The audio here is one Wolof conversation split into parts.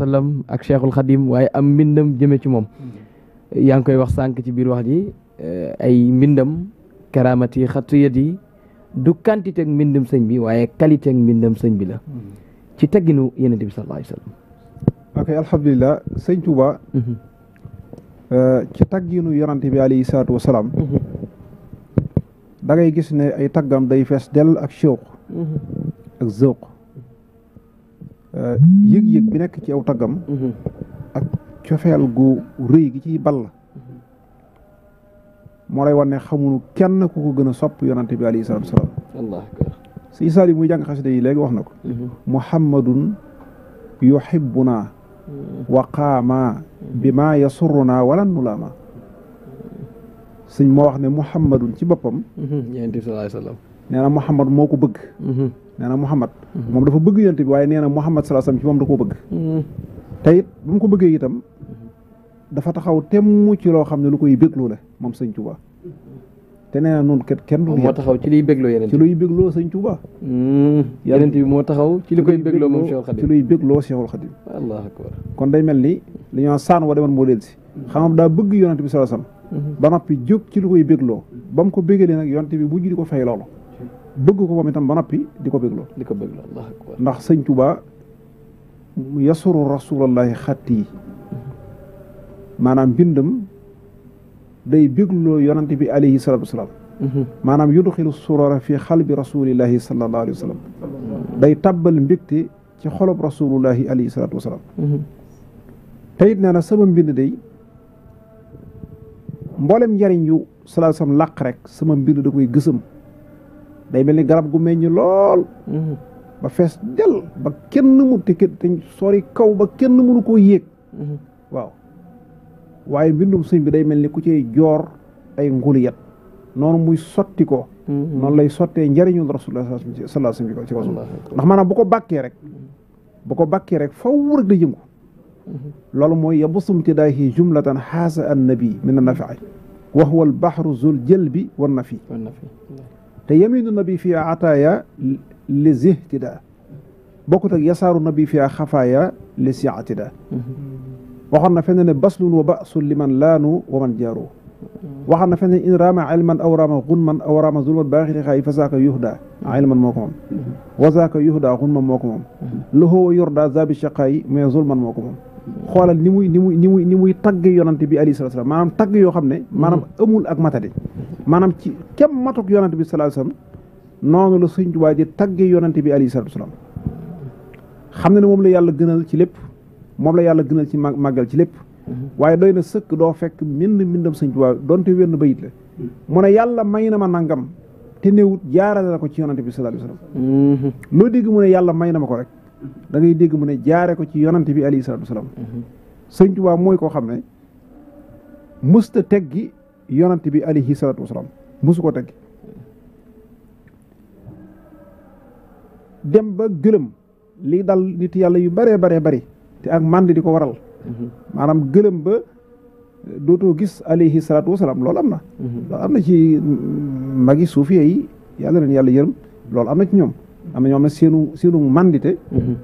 sallam ak cheikhul xadim waaye am mbindam jëme ci moom yaa ngi koy wax sànq ci biir wax ji eh, ay mbindam karaamat yi xattu yët mbindam sëñ bi waaye qualité ak mbindam sëñ bi la ci tegginu yenente bi sallallahu alayhi wa tagginu mhm. eh, yonante bi alayhi wasalaam mhm. da gis ne ay taggam day fees dell ak shawq mhm. ak zëwq Euh, yéeg yéeg bi nekk ci aw taggam mhm. ak cofeel gu rëy gi ci ball mhm. moo lay wane xamunu kenn ku ko gën a sopp yonante bi alayhi salaatu wasalaam si isaal yi muy jàng xasida yi léegi wax na ko mhm. muhammadun yuhibbuna wa qaama bi maa yasuruna wala nulaama sëñ moo wax ne muhammadun ci boppam yonante muhammad moo ko bëgg nee na Muhammad mhm. moom dafa bëgg yonent bi waaye nee na Muhammad sallallahu alayhi wasallam ci moom da koo bëgg mhm. te it ba mu ko bëggee itam dafa taxaw te temm ci loo xam ne lu koy bégloo la moom sëñ Tuubaa te nee na noonu kat kenn moo taxaw ci liy bégloo yeneen ci luy bégloo sëñ Tuubaa mhm. yeneen bi moo taxaw ci li koy bégloo moom Cheikhul Khadim ci luy bégloo Cheikhul Khadim kon day mel ni li ñoo saan wa demoon moo del si xam daa bëgg yonent bi sallallahu alayhi ba noppi jóg ci lu koy bégloo ba mu ko béggalee nag yonent bi bu ñu ko fay loolu bëgg ko moom itam ba noppi di ko bégloo di ko bégloo ndax sëñ Tuba yasuru rasulallahi xatti yi maanaam bindam day bégloo yonante bi alayhi salatu wasalaam mhm. maanaam yudxilu surora fi xalbi rasulillahi sallallahu alayhi wa sallam day tabbal ci xolob rasulullahi alayhi salatu mhm. na sama mbind day mboolem njariñ yu sallallahu alayhi wa sallam làq rek sama mbind da koy gësam day mel ni garab gu meññ lool mm-hmm. ba fees del ba kenn mu tëkkat te sori kaw ba kenn mënu koo yéeg mm-hmm. waaw waaye mbindum sëñ bi day mel ni ku ci joor ay nguliyat noonu muy sotti ko mm-hmm. noonu lay sottee njëriñul rasulullah sallallahu alayhi wa sallam ndax maanaam bu ko bàkkee rek bu ko bàkkee rek faw rek da loolu mooy yabusum tidaahi jumlatan xaasa an nabi min an nafi wa bahru zul jël bi wan na fi te yaminu nabi fi ataaya li zihtida bokkut ak yasaaru nabi fi xafaaya li siatida mm-hmm. waxoon na fenn ne baslun wa basul liman laanu wa man jaaru mm-hmm. waxoon na fenn in raama ilman aw raama xunman aw raama zulman baaxiri xaay fa saaka yuhda mm-hmm. ilman moo ko moom wa saaka yuhda xunman moo ko moom loxoo yorda zabi shaqaay mais zulman moo ko moom xoolal ni muy ni muy ni muy ni muy tagg yonante bi alayhi salaatu salaam maanaam tagg yoo xam ne hmm. maanaam amul ak matadi maanaam ci kem matuk yonante bi salaatu salaam noonu la Sëñ Tuubaa di tagge yonante bi alayhi salaatu salaam xam na ne moom la yàlla gënal ci lépp moom la yàlla gënal ci màggal ci lépp hmm. waaye doy na sëkk doo fekk mbind mbindam Sëñ Tuubaa donte wenn bayit la hmm. mu ne yàlla may na ma nangam te néewut jaarale na ko ci yonante bi salaatu salaam loo dégg mu ne yàlla may na ma ko rek da ngay dégg mu ne jaare ko ci yonante bi alayhi salaatu wasalaam sëñ Tuubaa mooy koo xam ne mësta teggi yonante bi alayhi salaatu wasalaam mësu ko teggi dem ba gëlëm li dal nit yàlla yu baree baree bari te ak mànd di ko waral maanaam gëlëm ba dootoo gis alayhi salaatu wasalaam lool am na mhm. loolu am na ci magi suufiya yi yàlla leen yàlla yërëm loolu am na ci ñoom am na ñoo seenu seenu mandite mhm.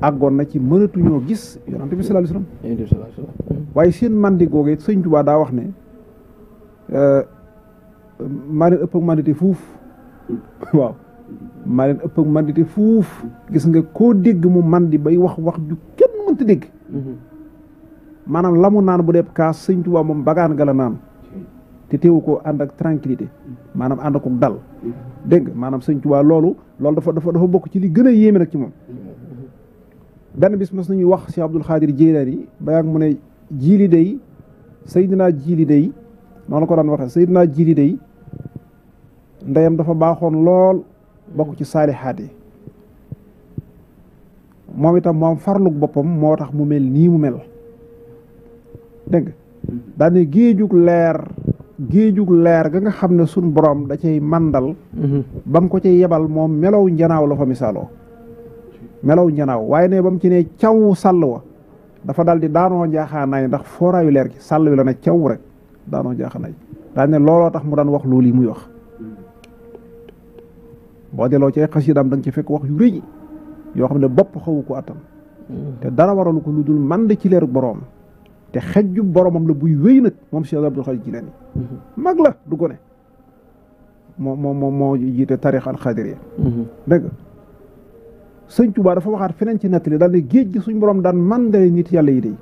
àggoon na ci mënatuñoo gis yonante bi sallallahu alayhi wa sallam mhm. waaye seen mandi googee sëñ Tuubaa daa wax ne euh, maa leen ëpp mandite fuuf waaw maa leen ëpp ak mandite fuuf gis nga koo dégg mu mandi bay wax wax ju kenn mënta dégg mhm. maanaam la mu naan bu dee kaas sëñ Tuubaa moom bagaan ga la naan te teewu ko ànd ak tranquillité maanaam ànd ak dal dégg nga maanaam sëñ Tuubaa loolu loolu dafa dafa dafa bokk ci li gën a yéeme nag ci moom benn bis mas nañuy wax Cheikh Abdul Xaadir Jeylaani yi bayaag mu ne jiili day Seydina jiili day noonu la ko daan waxee Seydina jiili dey ndeyam dafa baaxoon lool bokk ci saalixaat yi moom itam moom farlug boppam moo tax mu mel nii mu mel dégg nga mm-hmm. daane géejug leer géejug leer ga nga xam ne suñ borom da cay màndal mm-hmm. ba mu ko cay yebal moom melaw njanaaw la fa misaaloo melaw njanaaw waaye ne ba mu ci ne caw sàll wa dafa dal di daanoo jaaxaanaay ndax fooraayu leer gi sàll wi la ne caw rek daanoo jaaxaanaay daañ ne looloo tax mu daan wax loolu yi muy wax boo delloo ci ay xasiidaam da nga ci fekk wax yu rëy yoo xam ne bopp xawu ko attan mm-hmm. te dara waralu ko lu dul mànd ci leer boroom te xejju boromam la buy wéy nag moom si Cheikh Abdul Xaadir Jilaani mm-hmm. mag la du gone moo moo moo moo jiite tarix alxadiriya mm-hmm. dëgg sëñ Tuubaa dafa waxaat feneen ci nettali daal ne géej gi suñ borom daan mandale nit yàlla yi day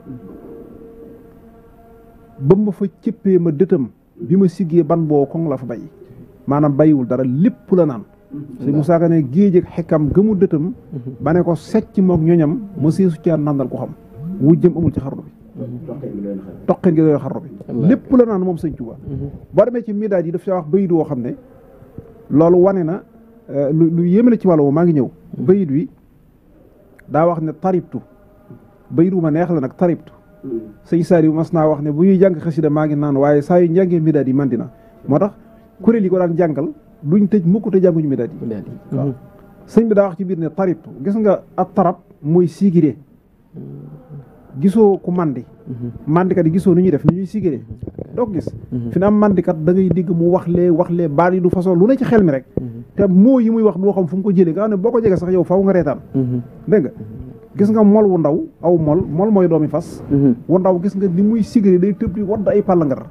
ba ma fa cëppee ma dëtëm bi ma siggee ban boo koŋ la fa bay maanaam baywul dara lépp la naan mm-hmm. si Musaa Ka ne géej ak xekkam gëmu dëtam ba ne ko secc mook ñoñam ma seesu caa nandal ko xam wu jëm amul ci xarnu bi toqeen gi doy xarnu bi lépp la naan moom sëñ Tuubaa mhm. boo demee ci midaaj yi daf ca wax bayit woo xam ne loolu wane na euh, lu lu yéeme la ci wàll woo maa ngi ñëw mhm. bayit wi daa wax ne taribtu bayit ma neex la nag taribtu mhm. sëñ saar yi mas naa wax ne bu ñuy jàng xasida maa ngi naan waaye saa yu njàngee midaaj yi man dina moo tax kuréel yi ko daan jàngal duñ tëj mukk te jànguñu midaaj yi waaw sëñ bi daa wax ci biir ne taribtu gis nga ab tarab mooy siigiree gisoo ku mandi mhm. mandikat yi gisoo nu ñuy def nu ñuy sigéree doo gis mhm. fi na am mandikat da ngay digg mu wax lee wax lee baal yi du façon lu ne ci xel mi rek mhm. te moo yi muy wax doo xam fu mu ko jëlee nga xam ne boo ko jege sax yow faw nga reetaan dégg nga gis nga mol wu ndaw aw mol mol mooy doomi fas wu ndaw gis nga ni muy sigéree day tëb ay pàllangar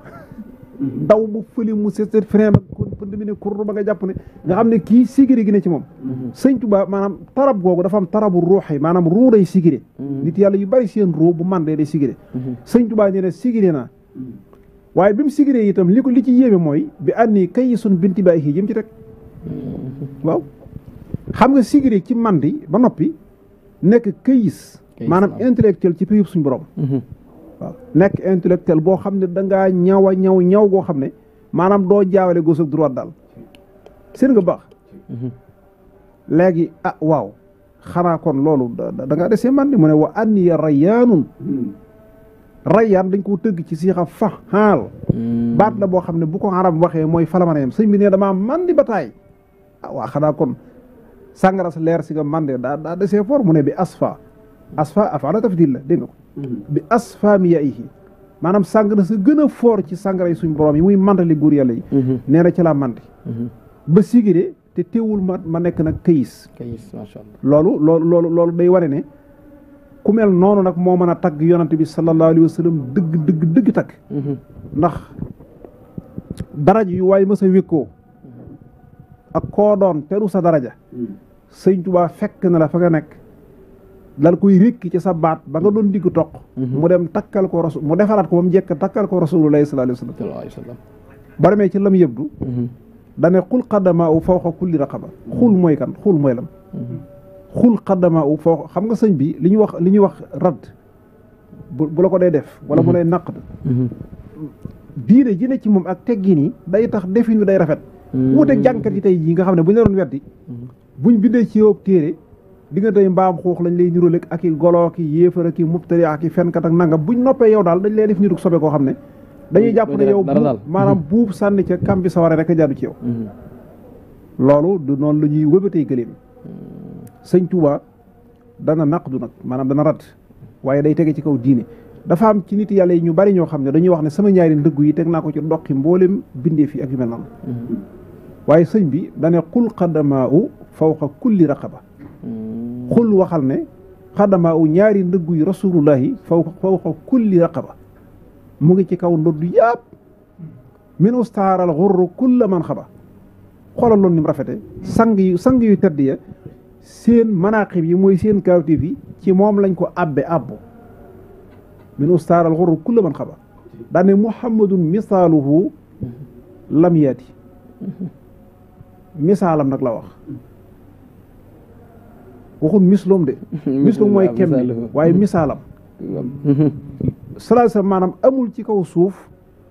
daw bu fëli mu seet seet frein ak pënd mi ne kurr ba nga jàpp ne nga xam ne kii sigiri gi ne ci moom mhm. sëñ Tuubaa maanaam tarab googu dafa am tarabu ruux yi maanaam ruux day sigiri mhm. nit yàlla yu bari seen ruux bu man dee day sigiri mhm. sëñ Tuubaa nee na sigiri naa waaye bi mu sigiree itam li ko li ci yéeme mooy bi ànd nii kay suñ binti baay yi mu ci rek waaw xam nga sigiree ci man di ba noppi nekk këyis maanaam intellectuel ci péyub suñu borom nekk intellectuel boo xam ne dangaa ñaw ñaw ñaw goo xam ne maanaam doo jaawale gauche ak droite daal seen baax léegi ah waaw xanaa kon loolu da ngaa desee man di mu ne wa anniya rayaanun rayaan dañ koo tëgg ci siixa fa xaal hmm. baat la boo xam ne bu ko arab waxee mooy falamanayam sëñ bi ne damaa man di bataay ah waa xanaa kon sangara sa leer si nga mande daa daa desee for mu ne bi asfa asfa afaala tafdil la dégg nga hmm. bi asfa mi yaihi maanaam na sa gën a foor ci sàngara yi suñu borom yi muy màndali góor yàlla yi mhm. nee na ci laa màndi mhm. ba sigiree te teewul ma ma nekk nag kayis kayis loolu loolu loolu loolu day wane ne ku mel noonu nag moo mën a tagg yonante bi sallallahu alayhi wa sallam dëgg dëgg dëgg tagg mhm. ndax daraja yu waaye mës a wékkoo ak koo doon teru sa daraja sëñ Tuubaa fekk na la fa nga nekk dal koy rékki ci sa baat ba nga doon digg toq mhm. mu dem takkal ko rasul mu defaraat ko ba mu jekk takkal ko rasulullahi sallallahu alayhi wa sallam ba demee ci lam yëbdu mhm. dane xul xadama u fawqa kulli raqaba xul mooy kan xul mooy lam mhm. xul xadama u fawqa xam nga sëñ bi li ñu wax li ñuy wax radd bu la ko day def wala mu lay naqd diine ji ne ci moom ak teggin yi day tax defin bi day rafet wuute jànkat yi tey jii nga xam ne bu ñu la doon weddi buñ bindee ci yow téere diggantey mbaam xuux lañ lay niróleg ak i goloo ki yéefar ak i mubtari ak i fenkat ak bu buñ noppee yow daal dañ lay def nituk sobe koo xam ne dañuy jàpp ne yow maanaam buub sànni ca kam bi saware rek a jàddu ci yow mm-hmm. loolu du noon la ñuy wëbatee gëléem mm-hmm. sëñ Tuuba dana du nag maanaam dana rat waaye day tege ci kaw diine dafa am ci nit yàlla yi ñu bari ñoo xam ne dañuy wax ne sama ñaari ndëggu yi teg naa ko ci doqi mboolem bindee fi ak yu mel noonu mm-hmm. waaye sëñ bi dane qul qadamaau fawqa xul waxal ne xadamaa ñaari ndëggu yu rasulullahi faw fawqa kulli raqaba mu ngi ci kaw ndodd yàpp min ustaaral xurru kulla man xaba xoolal loolu ni rafete sang yu sang yu tedd ya seen manaqib yi mooy seen kaawtif yi ci moom lañ ko abbe abbo min ustaaral xurru kulla man xaba daane muhammadun misaaluhu lam misaalam nag la wax waxul misloom de misloom mooy kem bi waaye misaalam salaa sallam maanaam amul ci kaw suuf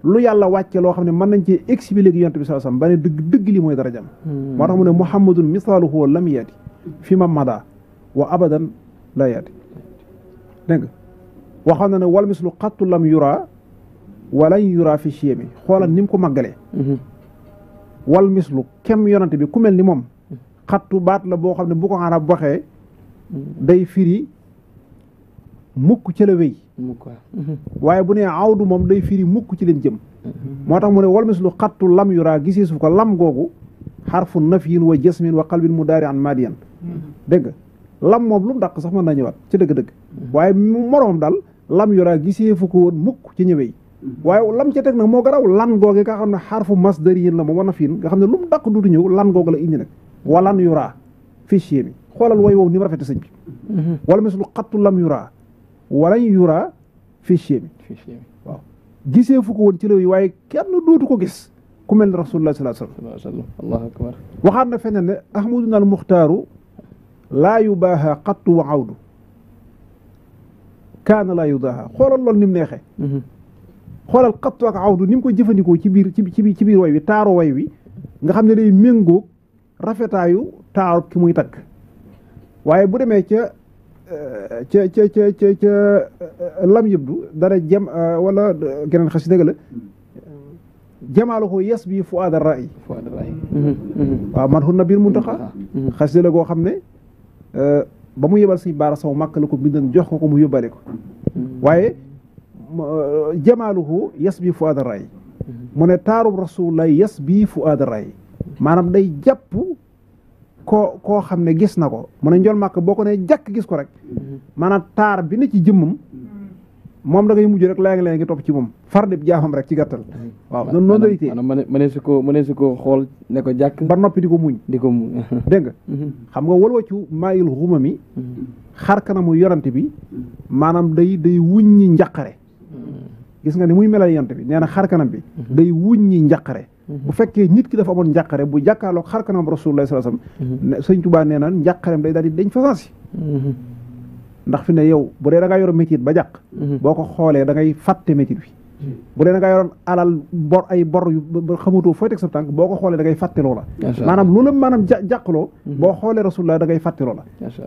lu yàlla wàcce loo xam ne mën nañ ci expliquer yonent bi salaa sallam ba ne dëgg dëgg li mooy darajam hmm. moo tax mu ne muhammadun misaaluhu lam yaati ma mada wa abadan nga waxoon na ne wal mislu xattu lam yura walan yura fi chiyami xoolal ni mu ko màggalee hmm. wal mislu kem yonent bi ku mel ni moom xattu hmm. baat la boo xam ne bu ko arab waxee day firi mukk ca la wéy waaye bu nee awdu moom day firi mukk ci leen jëm moo tax mu ne wal mis lu xattu lam yuraa gisee suuf ko lam googu xarfu nafiyin wa jasmin wa qalbin mu daari an madiyan dégg nga lam moom lu mu dàq sax mën naa ñëwaat ci dëgg-dëgg waaye mu moroom daal lam yuraa gisee fu ko woon mukk ci ñëwey waaye lam ca teg nag moo garaw lan googe nga xam ne xarfu masdariyin la moom wa nafiyin nga xam ne lu mu dàq duutu ñëw lan googu la indi nag walan yuraa fichier mi xoolal way woowu ni rafet rafete sëñ bi mhm. wala mis lu xattu lam yura walañ yura fii chemi gisee fu woon ci réew yi waaye kenn dootu ko gis ku mel ne rasulullah sallallahu alayhi wa sallam allahu na feneen ne ahmaduna al muxtaaru laa yubaaha xattu wa awdu kaana laa yu xoolal loolu ni mu neexe mhm. xoolal xattu ak awdu ni mu koy jëfandikoo ci biir ci ci biir way wi taaro way wi nga xam ne day méngóog rafetaayu taaru ki muy takk waaye bu demee euh, ca ca ca ca ca ca euh, lam yëbdu dara jëm euh, wala geneen xas dëgg la jamaaluhu yes bi fuaada raay raay mm-hmm. mm-hmm. man xun na biir muntaxa mm-hmm. xas la goo xam ne ba mu yebal si baara saw màkk la ko bindan jox ko ko mu yóbbale ko waaye jamaaluhu yes bi fuaada raay mu ne taarub rasulullah yes fu fuaada raay maanaam day jàpp koo koo xam ne gis na ko mu ne njol makk boo ko nee jàkk gis ko rek maanaam taar bi ne ci jëmmam moom da mujj rek léegi-léegi ngi topp ci moom far dib jaamam rek ci gàttal waaw noonu noonu la itee ma ne su ko ma ne ko xool ne ko jàkk ba noppi di ko muñ di ko muñ dégg nga xam nga walwacu maayil xuma mi xar kanamu yonent bi maanaam day day wuñ wuññi njaqare gis nga ni muy melal yonent bi nee na xar kanam bi day wuñ wuññi njaqare bu fekkee nit ki dafa amoon njàqare bu jàkkaarloog xar kanam rasulullah sallallahu alayhi wasallam sëñ nee naan njàqareem day daal di dañ fasansi ndax fi ne yow bu dee da ngaa yoroon métit ba jàq boo ko xoolee da ngay fàtte bi dee da ngaa alal bor ay bor yu xamatoo fooy sa tànk boo ko xoolee da ngay fàtte loola maanaam loolu maanaam ja jàqloo mhm. boo xoolee rasulullah dangay ngay fàtte loola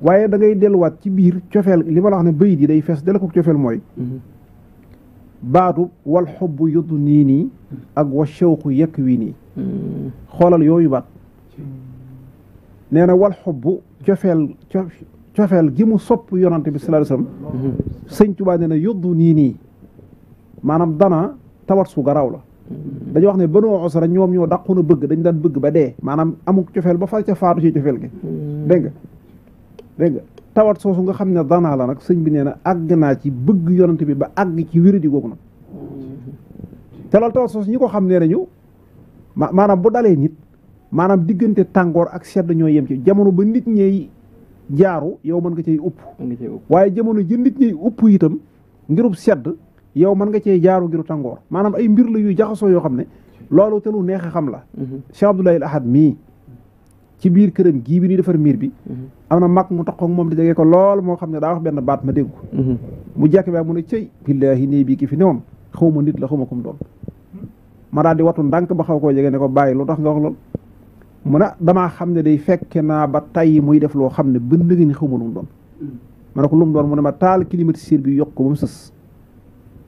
waaye da ngay delluwaat ci biir cofeel li ma la wax ne bayit yi day fees dala ko cofeel mooy mhm. baadu wal xobbu yuddu nii nii ak wa shawqu yekk wii nii xoolal yooyu baat nee na wal xob cofeel cofeel gi mu sopp yonante bi sallallahu alayhi wasallam sëñ Tuubaa nee na yuddu nii nii maanaam dana tawat su la dañu wax ne banoo osra ñoom ñoo dàqoon a bëgg dañ daan bëgg ba dee maanaam amuk cofeel ba far ca faatu ci cofeel gi hmm. dégg tawat soosu nga xam ne danaa la nag sëñ bi nee na àgg naa ci bëgg yonante bi ba àgg ci wéradi googu nag te loolu tawat soosu ñi ko xam nee nañu ma maanaam bu dalee nit maanaam diggante tàngoor ak sedd ñoo yem ci jamono ba nit ñey jaaru yow mën nga cey upp waaye jamono jën nit ñey upp itam ngirub sedd yow mën nga cee jaaru ngiru tàngoor maanaam ay mbir la yuy jaxasoo yoo xam ne loolu te lu neex a xam la mm-hmm. Cheikh Abdoulaye Ahad mii ci biir këram gii bi ñuy defar miir bi mhm. am na mag mu taxoog moom te jege ko lool moo xam ne daa wax benn baat ma dégg ko mhm. mu jekk baa mu ne cëy billaahi néeg bi ki fi newoon xaw ma nit la xaw ma kum doon ma daal di watu ndànk ba xaw koo jege ne ko bàyyi lu tax nga wax lool mu xam ne day fekke naa ba tey muy def loo xam ne ba nëgë ni xaw ma lu doon ma ne ko lu mu doon mu ne ma taal climatiseur bi yokk ko ba mu sës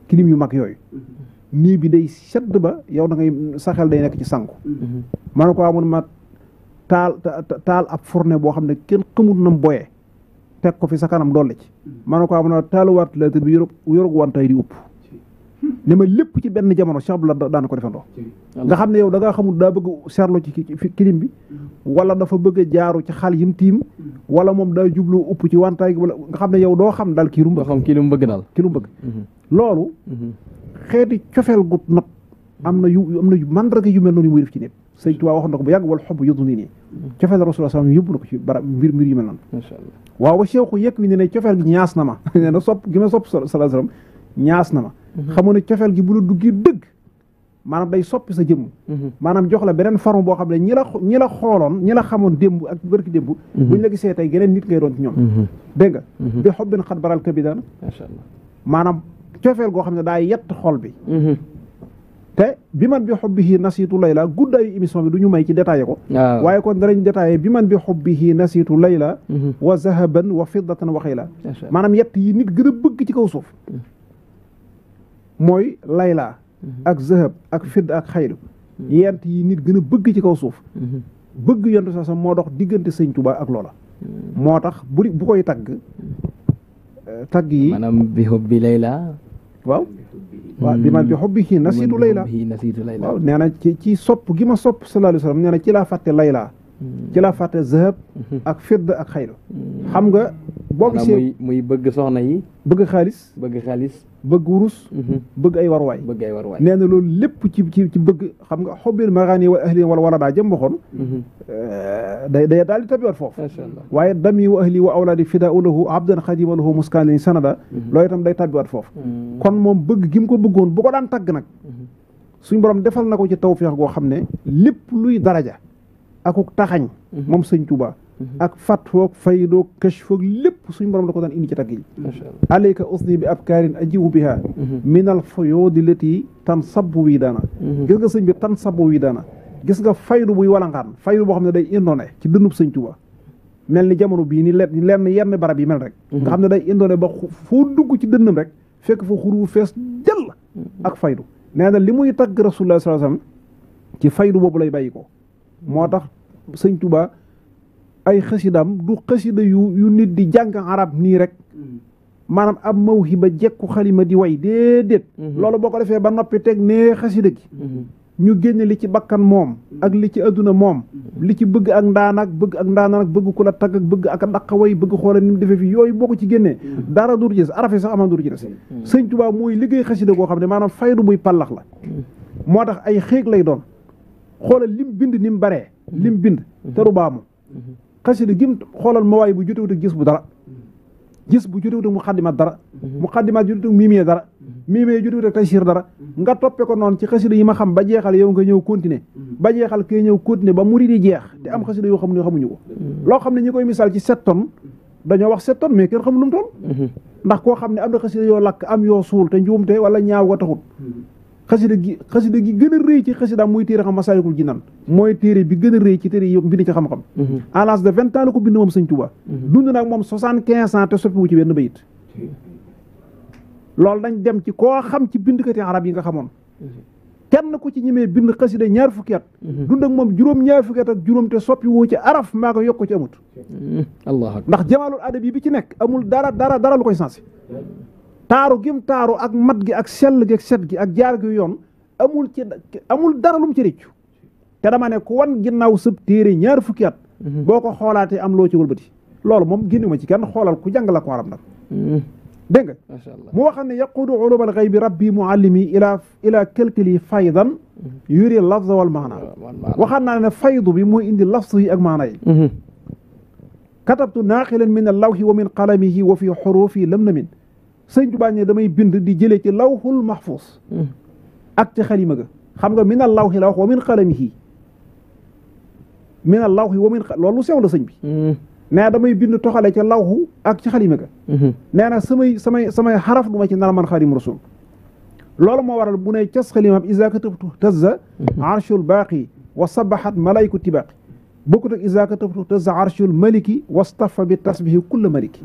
clim yu mag yooyu mhm. nii bi day sedd ba yow na ngay saxel day nekk ci sanku ma ne ko ma taal taal ab fourne boo xam ne kenn xamut nam boyee teg ko fi sa kanam dolli ci hmm. ma ne ko am na taaluwaat lettre bi yorog yorog wantay di upp hmm. ne ma lépp ci benn jamono Cheikh Abdoulaye daan ko defandoo hmm. nga xam ne yow dangaa ngaa xamul daa bëgg seetlu ci kilim bi wala dafa bëgg a jaaru ci xal yim tiim wala moom daa jublu upp ci wantaay gi wala nga xam ne yow doo xam daal kii ba mu mu bëgg daal kii lu mu bëgg loolu xeeti cofeel gut not am na yu am na yu yu mel noonu yu muy def ci nit sëñ Tuubaa waxoon na ko bu yàgg wal xob yóbbu nii nii cofeel la rasul sallam yóbbu na ko ci barab mbir mbir yu mel noonu waaw ba Cheikh ne ne cofeel gi ñaas na ma nee na sopp gi ma sopp na ma mhm. xamoo bu la duggee dëgg maanaam day soppi sa jëmm mhm. maanaam jox la beneen forme boo xam ne ñi la ñi la xooloon ñi la xamoon démb ak bërki démb mhm. buñ la gisee tey geneen nit ngay doon ci ñoom dégg nga bi xobbin xat baral kabidaan maanaam cofeel goo xam ne daa yett xol bi te bi man bi xubbihi nasiitu layla guddaayu émission bi du ñu may ci détaillé ko waaye kon danañ détaillé bi man bi xubbihi nasiitu layla mhm. wa zahaban wa fiddatan wa la maanaam yett yi nit gën a bëgg ci kaw suuf mhm. mooy layla mhm. ak zahab ak fidd ak xaylu yent yi nit gën a bëgg ci kaw suuf bëgg yentu sa sa moo dox diggante sëñ Tuubaa ak loola moo tax bu bu koy tagg tagg yi maanaam bi xubbi layla waaw waaw bi man bi xobbihi nasiitu layla waaw nee na ci ci sopp gi ma sopp sallallahu alayhi wa sallam nee na ci laa fàtte layla ci la fàtte zahab ak fidd ak xayru xam nga boo gisee muy bëgg soxna yi bëgg xaalis bëgg xaalis bëgg wurus mhm. bëgg ay warwaay bëgg ay warwaay nee na loolu lépp ci ci ci bëgg xam nga xobbeel maraani wa ahli wala wala daa jëm baxoon mhm. day day daal di tabiwaat foofu waaye dami wa ahli wa awlaadi fida ulahu abdan xadima lahu muskaan lañ sanada mhm. loolu itam day tabiwaat foofu kon moom bëgg gi ko bëggoon bu ko daan tagg nag suñ borom defal na ko ci tawfeex goo xam ne lépp luy daraja akuk taxañ mhm. moom sëñ Tuuba mhm. ak fat foog faydoog këch foog lépp suñ borom da ko daan indi ci tagg yi alayka usni bi abkaarin ajibu biha mhm. minal fuyuudi lati tan sabu wii daana gis sëñ bi tan sabu wii daana gis nga faydu buy walangaan faydu boo xam ne day indoone ci dënnub sëñ Tuuba mel ni jamono bii ni lenn yenn barab yi mel rek nga xam ne day indoone ba foo dugg ci dënnam rek fekk fa xuru fees jël ak faydu nee na li muy tagg rasulullah sallallahu ci faydu boobu lay bàyyi ko moo tax sëñ tubaa ay xasidaam du xasida yu yu nit di jàng arab nii rek mm-hmm. maanaam ab mawhiba jekku xalima di way déedéet mm-hmm. loolu boo ko defee ba noppi teg nee xasida gi mm-hmm. ñu génne li ci bakkan moom ak li ci adduna moom li ci bëgg ak ndaana ak bëgg ak ndaana ak bëgg ku la tagg ak bëgg ak daqaway bëgg xoola ni mu defee fi yooyu boo ko ci génnee dara dur jës arafe sax amaa dur jës sëñ Tuubaa mooy liggéey xasida goo xam ne maanaam faydu buy pallax la moo tax ay xéeg lay doon xoola bind ni mu baree lim bind te rubaamu xasida gim xoolal mawaay bu jotewut ak gis bu dara gis bu jotewut ak muqaddimaat dara muqaddimaat jotewut ak miimee dara miimee jotewut ak taysiir dara nga toppe ko noonu ci xasida yi ma xam ba jeexal yow nga ñëw continuer ba jeexal kay ñëw continuer ba mu di jeex te am xasida yoo xam ne xamuñu ko loo xam ne ñi koy misaal ci sept tonnes dañoo wax sept ton mais kenn xam lu mu toll ndax koo xam ne am na xasida yoo lakk am yoo suul te njuumte wala ñaaw ko taxut xasida gi xasida gi gën a rëy ci xasida muy téere xam Masaalikul Jinaan mooy téere bi gën a rëy ci téere di bind ci xam-xam mhm. à l'âge de vingt ans la ko bind moom sëñ Tuubaa mhm. dund nag moom soixante quinze loolu dañ dem ci koo xam ci bindkati arab yi nga xamoon kenn ku ci ñemee bind xasida ñaar fukki at mhm. dund ak moom juróom ñaar fukki at ak juróom te soppi woo ci araf maa ko yokk ci amut allah ndax jamaalul adab yi bi ci nekk amul dara dara dara lu koy sensé taaru gim taaru ak mat gi ak sell gi ak set gi ak jaar gi yoon amul amul dara lu mu ci réccu te dama ne ku wan ginnaaw sëb téere ñaar fukki mhm. boo ko xoolaatee am loo ci wëlbati loolu moom génnuma ci kenn xoolal ku jàng la ko waram nag mhm. dégg nga mu waxam ne yaquudu ulumal xaybi rabbi muallimi ila ila kelkili faydan mhm. yuri lafza wal naa ne faydu bi mooy indi lafz yi ak maana yi katabtu naaxilan min allawhi wa min qalamihi wa fi xurufi lam na min sëñ Tuubaa ne damay bind di jëlee ci lawhul mahfuus hmm. ak ci xalima ga xam nga min al lawhi la wax wa min xalamihi min al lawhi wa min loolu sew la sëñ bi hmm. nee damay bind toxale ca lawhu ak ci xalima ga hmm. nee na samay samay samay xaraf du ma ci nar man xadim rasul loolu moo waral bu ne cas xalimam isa katabtu tazza arshul baaqi wa sabaxat malayku tibaaqi bokkut ak isaaka tabtu tasa arshul maliki wastafa bi tasbihi kulla maliki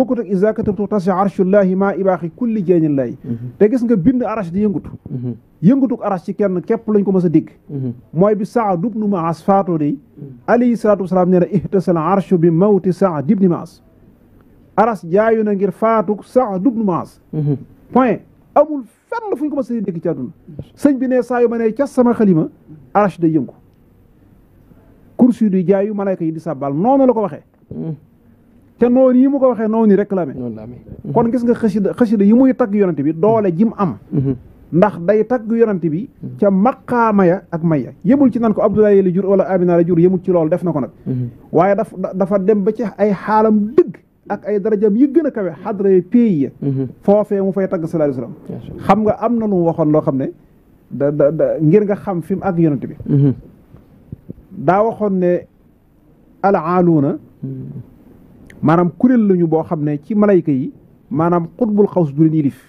bokkut ak isaaka tabtu tasa arshullahi maa ibaaxi kulli jeeñillahi mhm. te gis nga bind arash di yëngutu mhm. yëngutuk arash ci kenn képp lañ ko mës a dikk mhm. mooy bi saa dub nu maas faatoo day alayhi salaatu wasalaam nee na ihtasal arshu bi mawti saa dib ni maas arash jaayu na ngir faatuk saa dub nu maas point amul fenn fu ñu ko mës a dégg ci àdduna sëñ bi ne saa ma ne ca sama xalima arash day yëngu kursi du jaayu malayka yi di sàbbal noonu la ko waxee mm. te noonu yi mu ko waxee noonu rek la amee mm-hmm. kon gis nga xasida yi muy tagg yonent bi doole jim am mm-hmm. ndax day tagg yonent bi mm-hmm. ca maqaama ya ak maya yemul ci nan ko Abdoulaye la jur wala Amina jur yemul ci loolu def na ko nag waaye daf dafa dem ba ci ay xaalam dëgg ak ay darajam yi gën a kawe xadra yi pays ya foofee mu fay tagg sallallahu alayhi wasallam xam nga am na lu mu waxoon loo xam ne da da ngir nga xam fi ak yonent bi daa waxoon ne na maanaam kuréel lañu boo xam ne ci malayka yi maanaam xutbul xaws du leen yilif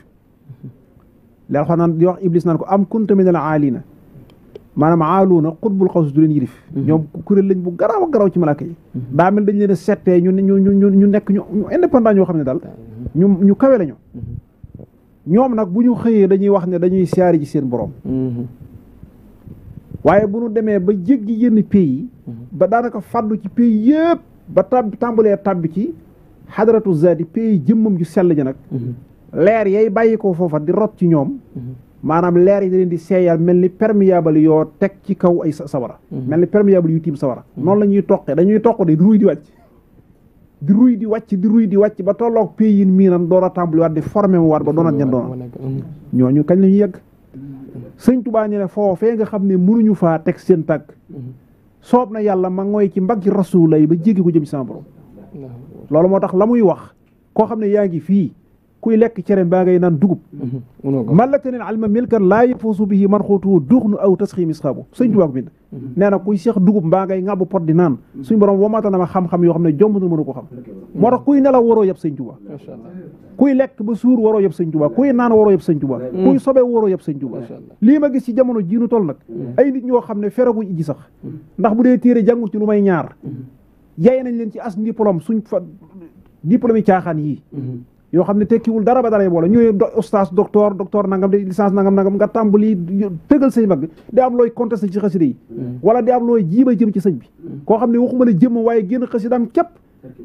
li di wax iblis naan ko am kunta min al na maanaam aaluuna xutbul xaws du leen yilif ñoom kuréel lañ bu garaaw a ci malayka yi daa mel dañ leen a settee ñu ñu ñu nekk ñu indépendant ñoo xam ne daal ñu ñu kawe lañu ñoom nag bu ñu xëyee dañuy wax ne dañuy siyaari ci seen borom waaye bu nu demee ba jéggi yenn pays yi mhm. ba daanaka fàddu ci pays yëpp ba tab tàmbalee tàbbi ci xadaratu zaadi pays jëmmam ju sell ji nag mhm. leer yay bàyyi ko foofa di rot ci ñoom mhm. maanaam leer yi da leen di seeyal mel ni perméable yoo teg ci kaw ay sawara mel ni perméable yu tiim sawara noonu la ñuy toqe dañuy toq de di ruy di wàcc di ruy di wàcc di di wàcc ba tolloog pays yi miinam door a tàmbaliwaat di formé mu waat ba doonat ñan doonat ñooñu kañ la ñuy yegg sëñ tubaa ñu ne foofee nga xam ne mënuñu faa teg seen tàkk mhm. soob na yàlla ma ngooy ci mbaggi rasulay ba jéggi ko jëm ci sama borom mhm. loolu moo tax la muy wax koo xam ne yaa ngi fii kuy lekk cere baa ngay naan dugub malaka nen alma milkan laa yafuusu bihi man xootuhu duxnu aw tasxi misxaabu sëñ tubaa bi bind nee na kuy seex dugub mbaa ngay ŋàbbu pot di naan mm-hmm. suñ borom wamaata na ma xam-xam yoo xam ne jomb na mënu ko xam moo tax kuy nelaw waroo yëpp sëñ Tuubaa kuy lekk ba suur waroo yëpp sëñ Tuubaa kuy naan waroo yëpp sëñ Tuubaa mm. kuy sobe waroo yëpp sëñ Tuubaa lii ma gis ci jamono jii nu toll nag mm. ay nit ñoo xam ne feraguñ ijji sax mm. ndax bu dee téere jàngul ci lu may ñaar yaye nañ leen ci as diplôme suñ fa diplôme yi caaxaan yii yoo xam ne tekkiwul dara ba dara boole ñuy oustaz docteur docteur nangam de licence nangam nangam nga tàmbali tëgal say mag di am looy contesté ci xasida yi mm. wala di am looy jiima jëm ci sëñ bi mm. koo xam ne waxuma ne jëmm waaye génn xasidaam képp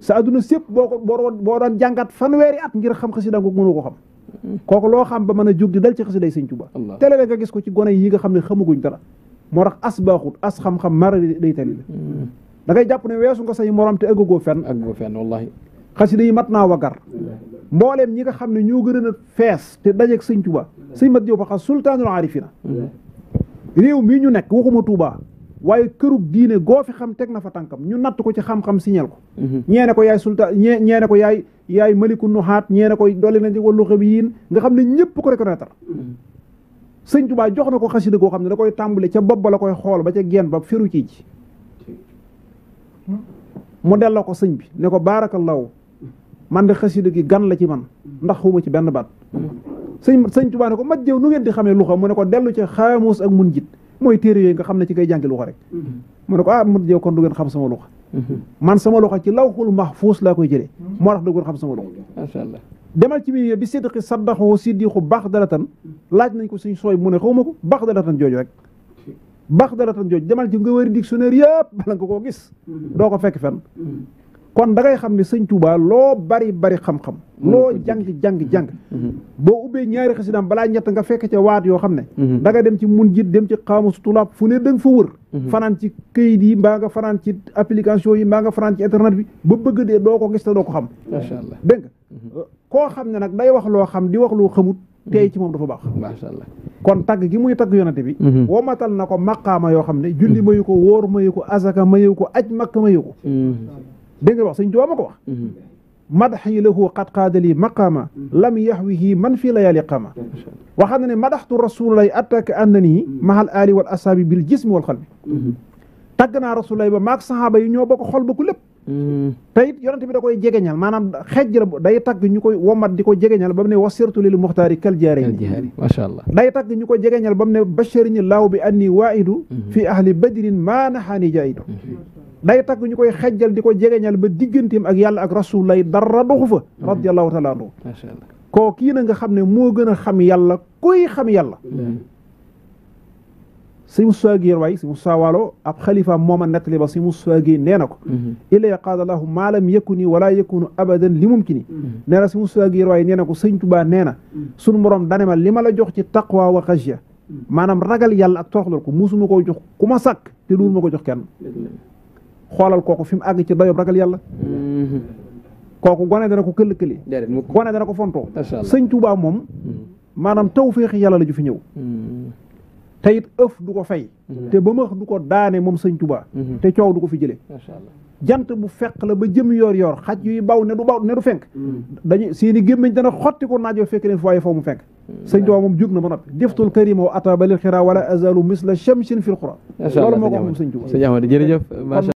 sa adduna sépp boo ko boo doon jàngat fanweeri at ngir xam xasidaam ko mënu ko xam mm. kooku loo xam ba mën a jóg di dal ci xasiday sëñ Tuuba télé nga gis ko ci gone yi nga xam ne xamaguñ dara moo tax as baaxut as xam-xam mara day tali da ngay jàpp ne weesu nga say morom te eggagoo fenn eggagoo fenn wallahi xasida yi mat naa wagar mbooleem ñi nga xam ne ñoo gën a fees te dajeeg sëñ Tuuba sëñ Mat Jóob Faxa sultaanul aarifina réew mii ñu nekk waxuma tuubaa waaye kërug diine goo fi xam teg na fa tànkam ñu natt ko ci xam-xam siñel ko ñee ko yaay sultaan ñee ñee ko yaay yaay maliku nuhaat ñee ne ko dolli nañ ci wàllu xew yiin nga xam ne ñëpp ko reconnaître sëñ Tuuba jox na ko xasida koo xam ne da koy tàmbale ca bopp ba la koy xool ba ca geen ba firu ci ji mu delloo ko sëñ bi ne ko baarakallahu man de xasida gi gan la ci man ndax xuma ci benn baat sëñ sëñ Tuubaa ne ko mat jëw nu ngeen di xamee luxa mu ne ko dellu ci xaamuus ak mun jit mooy téere yooyu nga xam ne ci kay jàngi luxa rek mu ne ko ah mat jëw kon du ngeen xam sama luxa man sama loxo ci law lawxul mahfuus laa koy jëlee moo tax duggoon xam sama loxo macha allah demal ci biir bi sidqi saddaxoo siddiqu baax dalatan laaj nañ ko suñ sooy mu ne xaw ma ko baax dalatan jooju rek baax dalatan jooju demal ci nga wër dictionnaire yëpp bala nga koo gis doo ko fekk kon dangay xam ne sëñ Touba loo bari bari xam-xam loo jàng-jàng-jàng mmh. boo ubbee ñaari xasidaam balaa ñett nga fekk ca waat yoo xam ne mmh. da nga dem ci mun jit dem ci xaamusu tulaab fu ne da nga fa wër mmh. fanaan ci këyit yi mbaa nga fanaan ci application yi mbaa nga fanaan ci internet bi ba bëgg dee doo ko gis te doo ko xam macha allah dégg koo xam ne nag day wax loo xam di wax loo xamut tey ci moom dafa baax macha allah kon tagg gi muy tagg yonante bi womatal na ko maqaama yoo xam ne julli mayu ko wóor mayu ko asaka mayu ko aj makka mayu dégg nga wax sëñ Tuubaa ma ko wax mm-hmm. madaxi lahu qad qaadali maqaama lam yaxwihi man fii layaali qaama waxam na ne madaxtu rasululay attaka annanii mahal aali wal asaabi bil jismi wal xalbi mm-hmm. tàgg naa rasululay ba maak saxaaba yi ñoo bokk xol ba ku lépp mm-hmm. te it yonente bi da koy jegeñal maanaam xejj la day tagg ñu koy womat di ko jegeñal ba mu ne wasirtu lil muxtaari kal jaariin macha allah day ñu ko jegeñal ba mu ne bashariñi laaw bi anni waa'idu fi ahli badrin maa naxaani jaa'idu day tagg ñu koy xajjal di ko jegeñal ba digganteem ak yàlla ak rasulullah dara doxu fa mm-hmm. radiallahu taala anhu koo kii na nga xam ne moo gën a xam yàlla kuy xam yàlla mm-hmm. si Moussa Gueye waay si Moussa Waalo ab xalifa mooma nettali ba si Moussa Gueye nee na ko mm-hmm. ilaya qaala lahu maa lam wala yakunu abadan li mumkini nee na si Moussa Gueye waay nee na ko sëñ Tuubaa nee na suñ morom dane li ma la jox ci taqwa wa xajja maanaam ragal yàlla ak toroxlal ko musuma koo jox ku ma sàkk te duur ma ko jox kenn xoolal kooku fi mu àgg ci dayob ragal yàlla mm-hmm. kooku gone dana ko këll këli gone dana ko fontoo sëñ Tuubaa moom mm-hmm. maanaam tawféexi yàlla la ju fi ñëw mm-hmm. te it ëf du ko fay te ba max du ko daane moom sëñ Tuubaa te coow du ko fi jële jant bu fekk la ba jëm yoor yoor xaj yuy baw ne du baw ne du fenk dañu seeni gémmiñ dana xotti ko naajoo fekk leen fi waaye faw mu fenk sëñ Tuubaa moom jóg na ba noppi deftul karima wa ataba lil xira wala azalu misla shamsin fil xura loolu moo ko moom sëñ Tuubaa